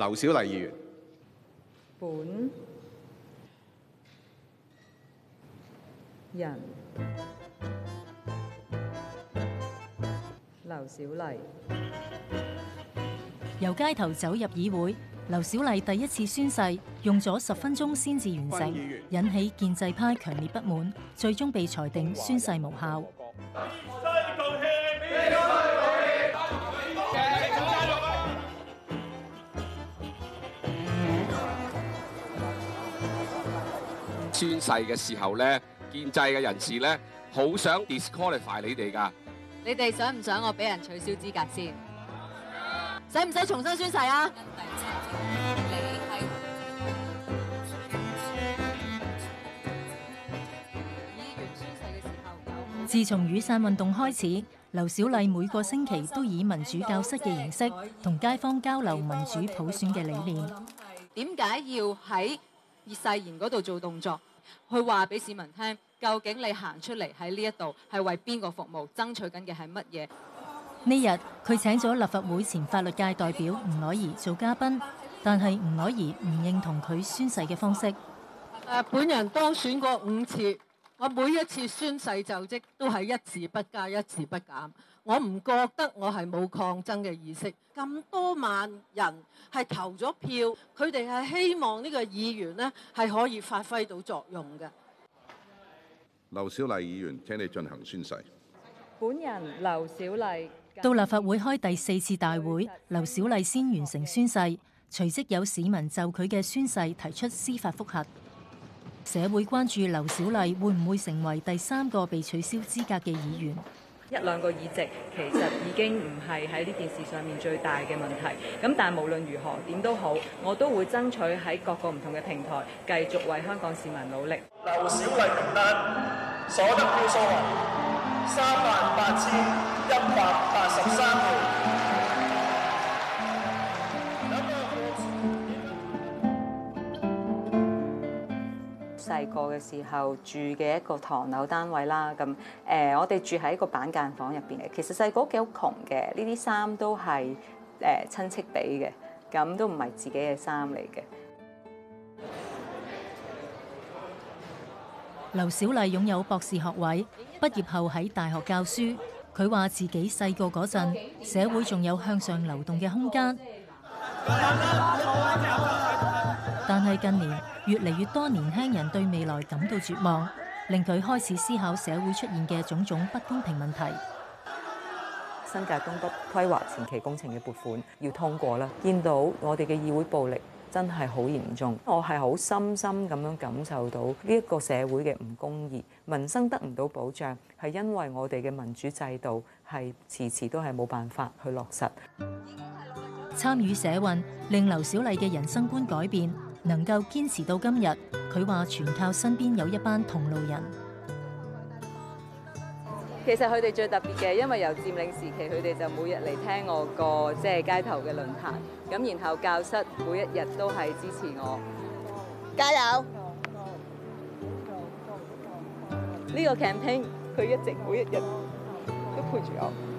劉小麗議員，本人劉小麗由街頭走入議會，劉小麗第一次宣誓用咗十分鐘先至完成，引起建制派強烈不滿，最終被裁定宣誓無效。宣誓嘅時候咧，建制嘅人士咧，好想 disqualify 你哋噶。你哋想唔想我俾人取消資格先？使唔使重新宣誓啊？自從雨傘運動開始，劉小麗每個星期都以民主教室嘅形式同街坊交流民主普選嘅理念。點解要喺熱誓言嗰度做動作？佢話俾市民聽，究竟你行出嚟喺呢一度係為邊個服務，爭取緊嘅係乜嘢？呢日佢請咗立法會前法律界代表吳靄儀做嘉賓，但係吳靄儀唔認同佢宣誓嘅方式。呃，本人當選過五次，我每一次宣誓就職都係一字不加，一字不減。我唔覺得我係冇抗爭嘅意識，咁多萬人係投咗票，佢哋係希望呢個議員呢係可以發揮到作用嘅。劉小麗議員，請你進行宣誓。本人劉小麗。到立法會開第四次大會，劉小麗先完成宣誓，隨即有市民就佢嘅宣誓提出司法覆核，社會關注劉小麗會唔會成為第三個被取消資格嘅議員。一兩個議席其實已經唔係喺呢件事上面最大嘅問題。咁但係無論如何，點都好，我都會爭取喺各個唔同嘅平台繼續為香港市民努力。劉小麗名單所得票數為三萬八千一百八十三票。細個嘅時候住嘅一個唐樓單位啦，咁誒，我哋住喺一個板間房入邊嘅。其實細個幾好窮嘅，呢啲衫都係誒親戚俾嘅，咁都唔係自己嘅衫嚟嘅。劉小麗擁有博士學位，畢業後喺大學教書。佢話自己細個嗰陣，社會仲有向上流動嘅空間。但係近年越嚟越多年輕人對未來感到絕望，令佢開始思考社會出現嘅種種不公平問題。新界東北規劃前期工程嘅撥款要通過啦，見到我哋嘅議會暴力真係好嚴重，我係好深深咁樣感受到呢一個社會嘅唔公義，民生得唔到保障，係因為我哋嘅民主制度係遲遲都係冇辦法去落實。參與社運令劉小麗嘅人生觀改變。能夠堅持到今日，佢話全靠身邊有一班同路人。其實佢哋最特別嘅，因為由佔領時期，佢哋就每日嚟聽我個即係街頭嘅論壇，咁然後教室每一日都係支持我。加油！呢個 campaign 佢一直每一日都陪住我。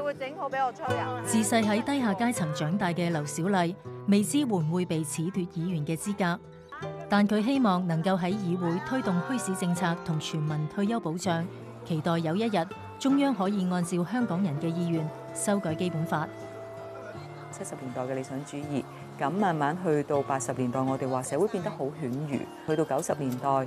會整我吹人自細喺低下階層長大嘅劉小麗，未、嗯、知會唔會被褫奪議員嘅資格，但佢希望能夠喺議會推動墟市政策同全民退休保障，期待有一日中央可以按照香港人嘅意願修改基本法。七十年代嘅理想主義，咁慢慢去到八十年代，我哋話社會變得好犬儒，去到九十年代。